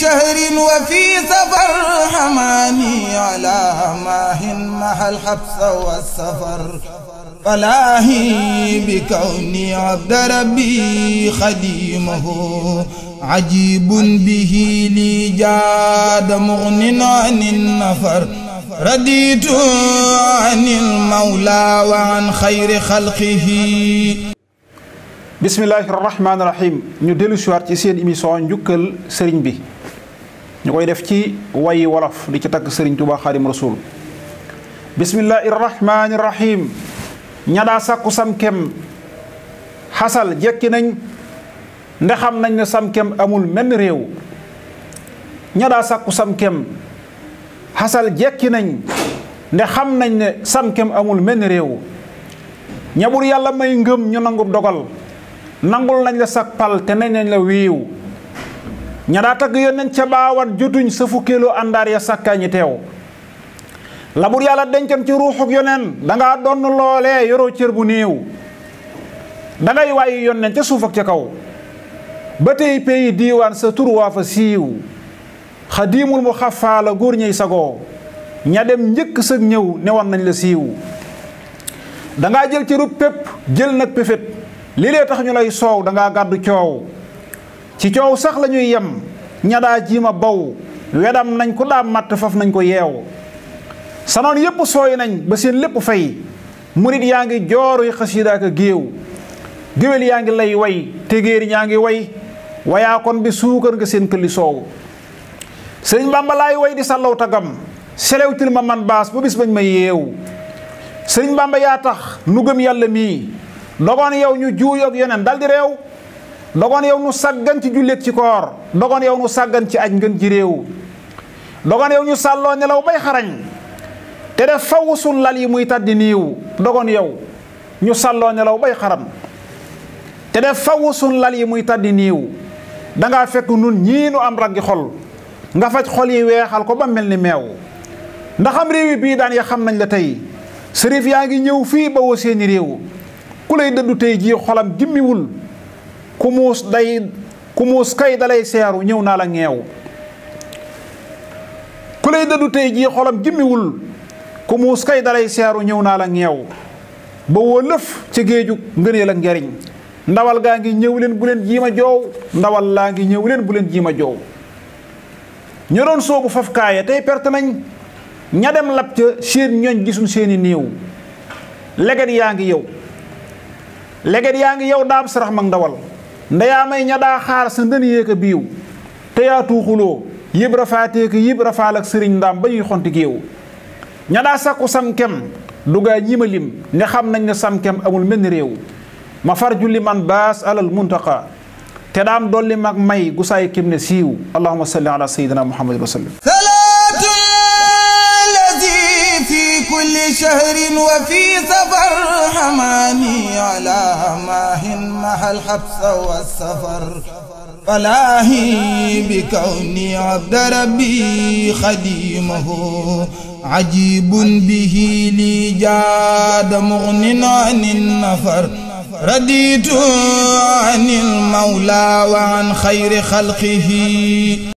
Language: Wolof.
شهر وفي سفر حماني على ماه مع الحبس والسفر فلاهي بكوني عبد ربي خديمه عجيب به لي جاد مغن عن النفر رديت عن المولى وعن خير خلقه bismillaahi rahmaani rahiim ñu dellu si waat ci seen émission njukkal sëriñ bi ñu koy def ci wayi wolof di ci tagg sëriñ Tuubaa Xaadim Rasuul bismillahi rahmaani rahim ñadaa sàkku sam xasal jekki nañ nde xam nañ ne sam amul menn réew ñadaa sàkku sam kem xasal nañ nde xam nañ ne sam amul menn réew ñabur yàlla may ngëm ñu nangub dogal nangul nañ la sak pal te nañ la wiiw ña daa tagg yonent ca baawat jotuñ sa fukkeelu àndaar ya sàkkaa ñi teew labur yàlla dencam ci ruuxuk yonent dangaa donn loolee yoroo cër bu néew dangay waayu yonent ca suuf ca kaw ba tey peyi diiwaan sa tur waa fa siiw xadiimul mu xafaala góor ñey sagoo ña dem njëkk sëg ñëw ne nañ la siiw dangaa jël cërub pépp jël nag péfét lii lee tax ñu lay soow dangaa gàddu coow ci coow sax lañuy ñuy yem ñadaa ma bow wedam nañ ku daa matt faf nañ ko yeew sanoon yépp sooy nañ ba seen lépp fay murit yaa ngi jooruy xasiida ak géew géwél yaa ngi lay way tégéeri ñaa ngi way wayaa kon bi suukar nga seen këli soow sëriñ Bàmba laay way di sàllaw tagam selewtil ma man baas ba bis bañ ma yeew sëriñ Bàmba yaa tax nu gëm yàlla mii dogoon yow ñu juuyoo yeneen dal di dogoon yow nu sàggan ci julleeg ci koor dogoon yow nu sàggan ci aj ngën ci réew dogoon yow ñu sàlloo nelaw bay xarañ te def faw sun lal yi muy tàddi niiw dogoon yow ñu sàlloo nelaw bay xaram te def sun lal yi muy tàddi niiw dangaa fekk nun ñii nu am raggi xol nga faj xol yi weexal ko ba mel ni meew ndaxam réew yi bii daan ya xam nañ la tey sërif yaa ngi ñëw fii ba woo seeni réew ku lay dëddu tey jii xolam gimmiwul ku muus day ku kay dalay seeru ñëw naa la ŋeew ku lay dëddu tey jii xolam jimmiwul ku muus seeru ñëw naa la ŋeew ba woo lëf ci géeju ngëneel ak njariñ ndawal gaa ngi ñëw leen bu leen jiima joow ndawal laa ngi ñëw leen bu leen jiima joow ña doon soobu faf kaaya tey perte nañ ña dem lab ca seen ñoñ gisuñ seeni néew leget yaa ngi yow leget yaa ngi yow daam sarax mag ndawal ndeyaa may ña da xaar sa ndën yéeg a biiw te yaa tuuxuloo yëb rafaateek yëb rafaal sëriñ ndaam ba ñuy xonti géew ña daa sakku sam kem dugaa ñi ma lim ne xam nañ ne sam kem amul menn réew ma far julli man baas alal muntaqa te daam dolli mag may gu saay kim ne siiw allahuma salli ala sayidina muhammadin wa sallim fi kulli shahrin wa fi safar hamani أباح الحبس والسفر فلاهي بكوني عبد ربي خديمه عجيب به لي جاد مغن عن النفر رديت عن المولى وعن خير خلقه